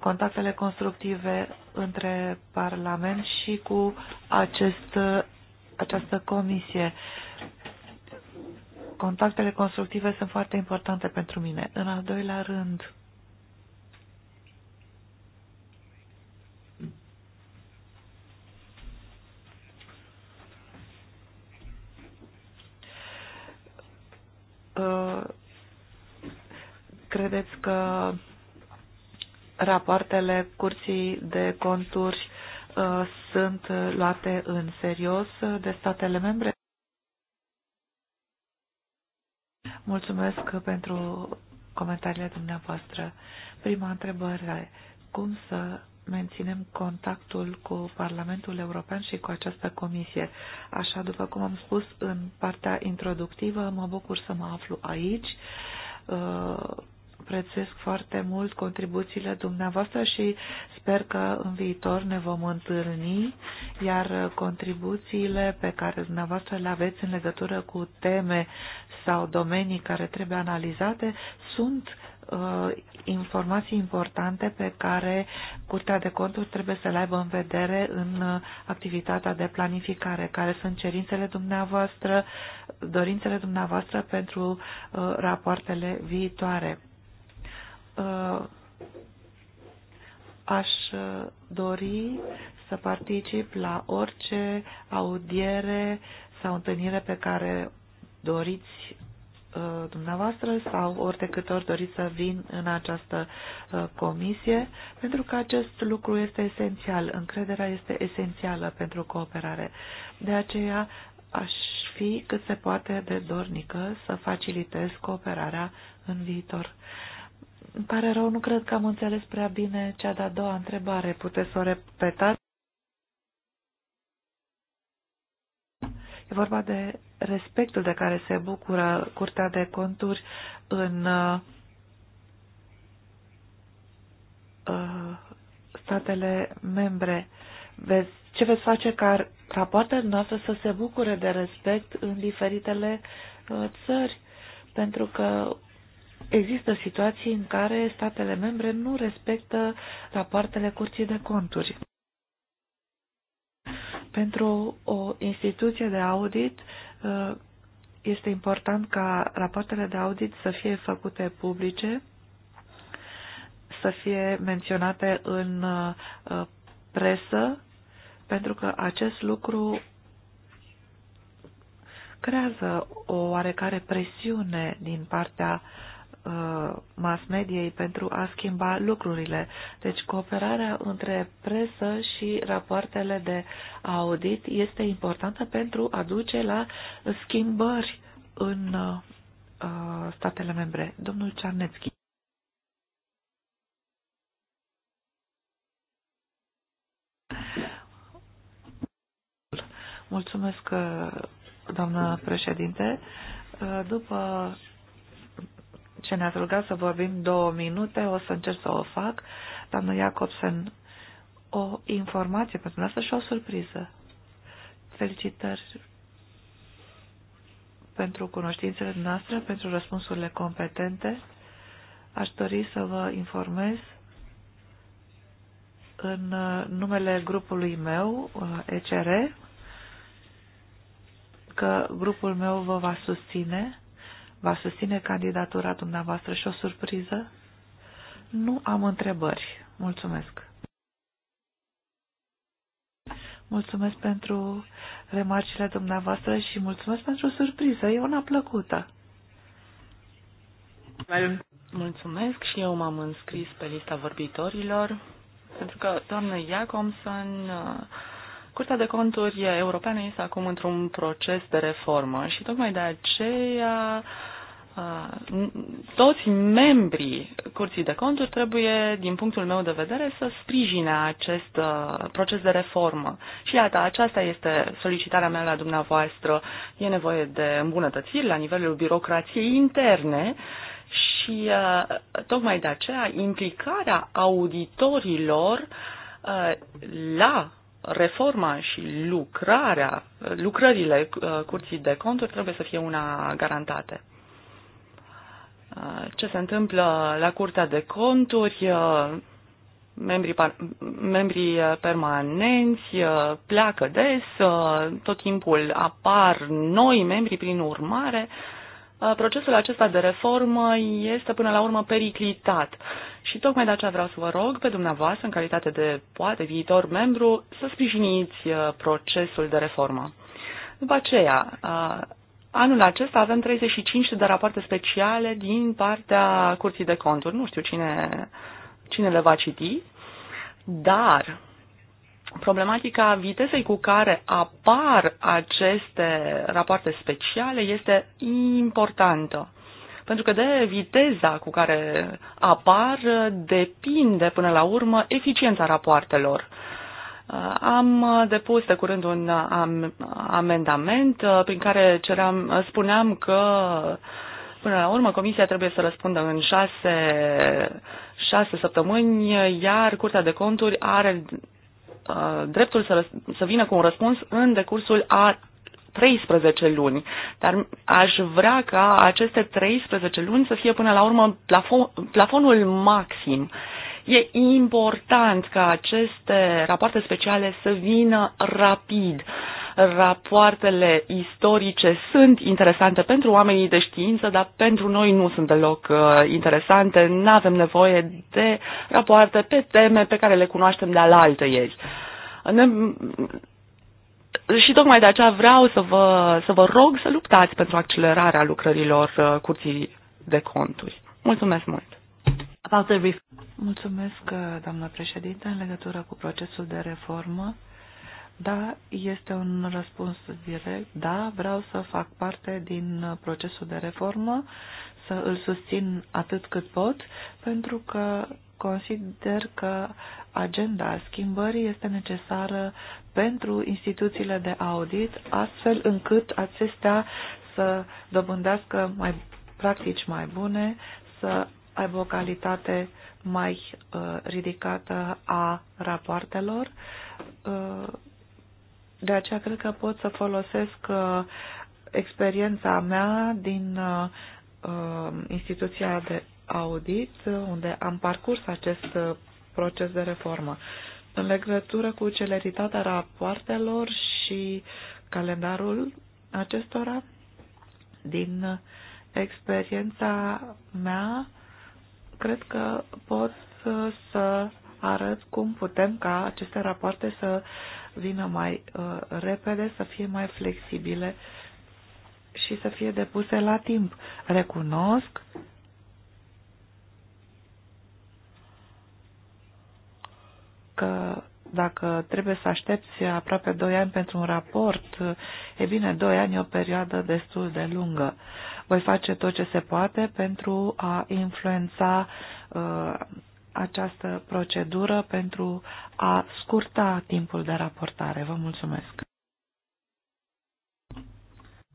contactele constructive între Parlament și cu acest uh, această comisie. Contactele constructive sunt foarte importante pentru mine. În al doilea rând, uh, credeți că rapoartele curții de conturi Uh, sunt luate în serios de statele membre. Mulțumesc pentru comentariile dumneavoastră. Prima întrebare, cum să menținem contactul cu Parlamentul European și cu această comisie. Așa, după cum am spus în partea introductivă, mă bucur să mă aflu aici uh, prețuiesc foarte mult contribuțiile dumneavoastră și sper că în viitor ne vom întâlni, iar contribuțiile pe care dumneavoastră le aveți în legătură cu teme sau domenii care trebuie analizate sunt uh, informații importante pe care Curtea de Conturi trebuie să le aibă în vedere în uh, activitatea de planificare, care sunt cerințele dumneavoastră, dorințele dumneavoastră pentru uh, rapoartele viitoare. Uh, aș uh, dori să particip la orice audiere sau întâlnire pe care doriți uh, dumneavoastră sau ori de câte ori doriți să vin în această comisie, pentru că acest lucru este esențial, încrederea este esențială pentru cooperare. De aceea aș fi cât se poate de dornică să facilitez cooperarea în viitor. Îmi pare rău, nu cred că am înțeles prea bine cea de-a doua întrebare. Puteți să o repetați? E vorba de respectul de care se bucură Curtea de Conturi în uh, statele membre. Vezi, ce veți face ca rapoartele noastre să se bucure de respect în diferitele uh, țări? Pentru că există situații în care statele membre nu respectă rapoartele curții de conturi. Pentru o instituție de audit uh, este important ca rapoartele de audit să fie făcute publice, să fie menționate în uh, presă, pentru că acest lucru creează o oarecare presiune din partea uh, Uh, mass mediei pentru a schimba lucrurile. Deci cooperarea între presă și rapoartele de audit este importantă pentru a duce la schimbări în uh, statele membre. Domnul Cernețchi. Mulțumesc, uh, doamnă președinte. După ce ne a rugat să vorbim două minute, o să încerc să o fac. Doamna Iacobsen, o informație pentru noastră și o surpriză. Felicitări pentru cunoștințele noastre, pentru răspunsurile competente. Aș dori să vă informez în uh, numele grupului meu, uh, ECR, că grupul meu vă va susține Va susține candidatura dumneavoastră și o surpriză? Nu am întrebări. Mulțumesc. Mulțumesc pentru remarcile dumneavoastră și mulțumesc pentru surpriză. E una plăcută. Mulțumesc și eu m-am înscris pe lista vorbitorilor pentru că doamna Jacobson Curtea de conturi europeană este acum într-un proces de reformă și tocmai de aceea toți membrii Curții de Conturi trebuie, din punctul meu de vedere, să sprijine acest proces de reformă. Și iată, aceasta este solicitarea mea la dumneavoastră. E nevoie de îmbunătățiri la nivelul birocrației interne și tocmai de aceea implicarea auditorilor la reforma și lucrarea, lucrările uh, curții de conturi trebuie să fie una garantate. Uh, ce se întâmplă la curtea de conturi, uh, membrii, membrii permanenți pleacă des, tot timpul apar noi membri, prin urmare, Uh, procesul acesta de reformă este până la urmă periclitat. Și tocmai de aceea vreau să vă rog pe dumneavoastră, în calitate de poate viitor membru, să sprijiniți uh, procesul de reformă. După aceea, uh, anul acesta avem 35 de rapoarte speciale din partea Curții de Conturi. Nu știu cine, cine le va citi, dar problematica vitezei cu care apar aceste rapoarte speciale este importantă. Pentru că de viteza cu care apar depinde până la urmă eficiența rapoartelor. Uh, am depus de curând un amendament uh, prin care ceream, uh, spuneam că până la urmă comisia trebuie să răspundă în șase șase săptămâni, iar Curtea de Conturi are Uh, dreptul să, să vină cu un răspuns în decursul a 13 luni, dar aș vrea ca aceste 13 luni să fie până la urmă plafon, plafonul maxim uh, E important ca aceste rapoarte speciale să vină rapid. Rapoartele istorice sunt interesante pentru oamenii de știință, dar pentru noi nu sunt deloc uh, interesante. Nu avem nevoie de rapoarte pe teme pe care le cunoaștem de alaltă ieri. Ne și tocmai de aceea vreau să vă, să vă rog să luptați pentru accelerarea lucrărilor uh, curții de conturi. Mulțumesc mult! About the Mulțumesc, doamnă președinte, în legătură cu procesul de reformă. Da, este un răspuns direct. Da, vreau să fac parte din procesul de reformă, să îl susțin atât cât pot, pentru că consider că agenda schimbării este necesară pentru instituțiile de audit, astfel încât acestea să dobândească mai practici mai bune, să aibă o calitate uh, mai uh, ridicată a rapoartelor. Uh, de aceea cred că pot să folosesc uh, experiența mea din instituția de audit, unde am parcurs acest proces de reformă. În legătură cu celeritatea rapoartelor și calendarul acestora, din experiența mea, cred că pot să arăt cum putem ca aceste rapoarte să vină mai uh, repede, să fie mai flexibile și să fie depuse la timp. Recunosc că dacă trebuie să aștepți aproape 2 ani pentru un raport, e bine, 2 ani e o perioadă destul de lungă. Uh, voi face tot ce se poate pentru a influența uh, această procedură pentru a scurta timpul de raportare. Vă mulțumesc.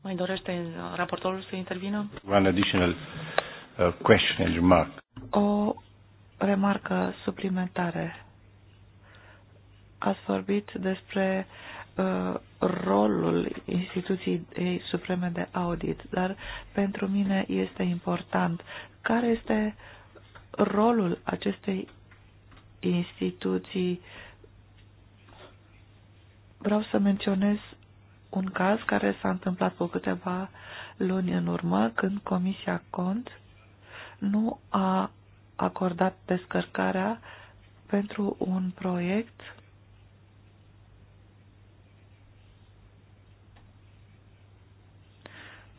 Mai dorește raportorul să intervină? One additional uh, question and remark. O remarcă suplimentare. Ați vorbit despre Uh, rolul instituției supreme de audit, dar pentru mine este important care este rolul acestei instituții. Vreau să menționez un caz care s-a întâmplat cu câteva luni în urmă, când Comisia Cont nu a acordat descărcarea pentru un proiect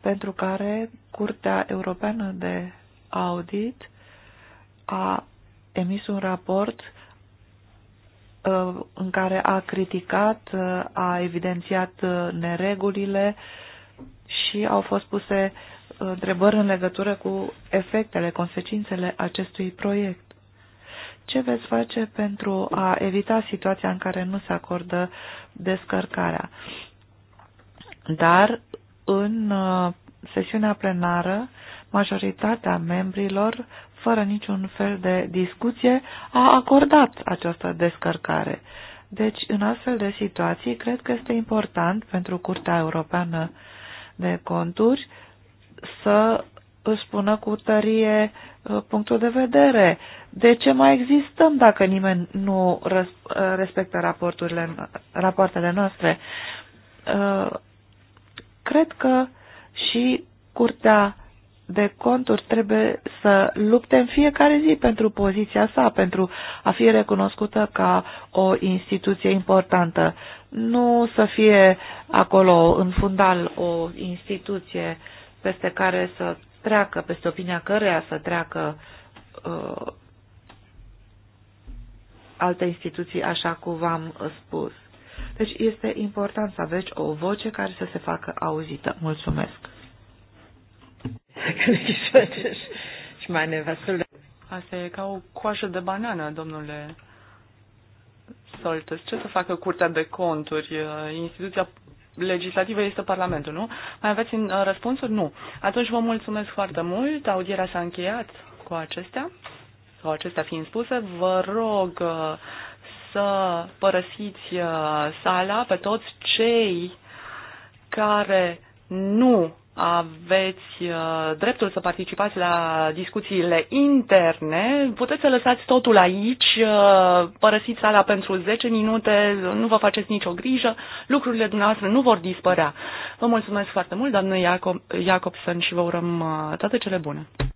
pentru care Curtea Europeană de Audit a emis un raport uh, în care a criticat, uh, a evidențiat uh, neregulile și au fost puse întrebări în legătură cu efectele, consecințele acestui proiect. Ce veți face pentru a evita situația în care nu se acordă descărcarea? Dar în uh, sesiunea plenară, majoritatea membrilor, fără niciun fel de discuție, a acordat această descărcare. Deci, în astfel de situații, cred că este important pentru Curtea Europeană de Conturi să își spună cu tărie uh, punctul de vedere. De ce mai existăm dacă nimeni nu uh, respectă raporturile, rapoartele noastre? Cred că și Curtea de conturi trebuie să lupte în fiecare zi pentru poziția sa, pentru a fi recunoscută ca o instituție importantă. Nu să fie acolo în fundal o instituție peste care să treacă, peste opinia căreia să treacă uh, alte instituții, așa cum v-am spus. Deci este important să aveți o voce care să se facă auzită. Mulțumesc! Asta e ca o coajă de banană, domnule Soltes. Ce să facă Curtea de Conturi? Uh, instituția legislativă este Parlamentul, nu? Mai aveți în uh, răspunsuri? Nu. Atunci vă mulțumesc foarte mult. Audierea s-a încheiat cu acestea. Sau acestea fiind spuse, vă rog uh, să părăsiți uh, sala pe toți cei care nu aveți uh, dreptul să participați la discuțiile interne, puteți să lăsați totul aici, uh, părăsiți sala pentru 10 minute, nu vă faceți nicio grijă, lucrurile dumneavoastră nu vor dispărea. Vă mulțumesc foarte mult, doamnă Iacob, Iacobson, și vă urăm toate cele bune.